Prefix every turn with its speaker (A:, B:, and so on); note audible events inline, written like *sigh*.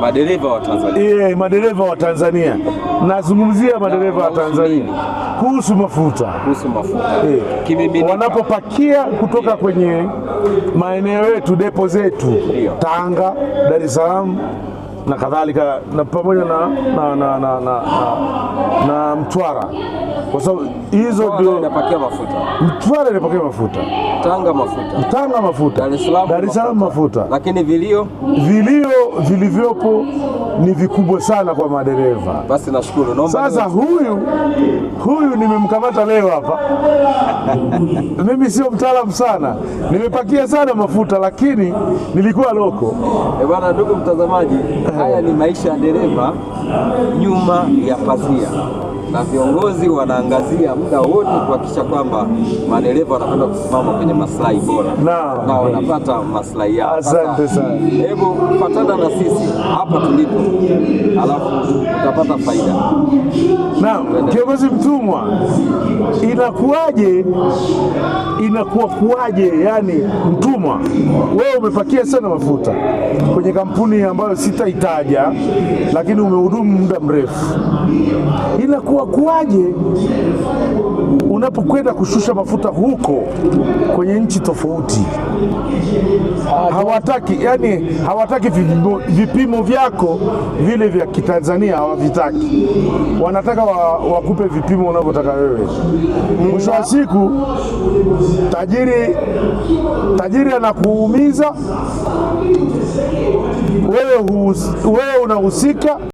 A: Madereva wa Tanzania.
B: Yeah, madereva wa Tanzania, nazungumzia madereva wa Tanzania kuhusu mafuta,
A: kuhusu mafuta.
B: Yeah. Wanapopakia kutoka kwenye maeneo yetu, depo zetu Tanga, Dar es Salaam na kadhalika na pamoja na, na, na, na, na, na, na Mtwara kwa sababu hizo ndio
A: inapakia mafuta.
B: Mtwara inapakia mafuta,
A: Tanga mafuta,
B: Tanga mafuta, Dar es Salaam mafuta.
A: Lakini vilio
B: vilio vilivyopo ni vikubwa sana kwa madereva.
A: Basi nashukuru, naomba
B: sasa huyu huyu nimemkamata leo hapa *laughs* mimi sio mtaalamu sana, nimepakia sana mafuta, lakini nilikuwa loko.
A: Eh bwana, ndugu mtazamaji *laughs* Haya ni maisha ya dereva nyuma ya pazia na viongozi wanaangazia muda wote kuhakikisha kwamba madereva wanakwenda kusimama kwenye maslahi bora na, na wanapata maslahi
B: yao. Asante sana.
A: Hebu patana na sisi hapa tulipo, alafu utapata faida.
B: Na kiongozi mtumwa, inakuwaje? Inakuwa kuwaje? Yani mtumwa, wewe umepakia sana mafuta kwenye kampuni ambayo sitaitaja, lakini umehudumu muda mrefu, inakuwa kuwaje unapokwenda kushusha mafuta huko kwenye nchi tofauti? Hawataki yani, hawataki vipimo, vipimo vyako vile vya Kitanzania hawavitaki, wanataka wakupe vipimo unavyotaka wewe. Mwisho wa siku tajiri tajiri anakuumiza wewe, wewe unahusika.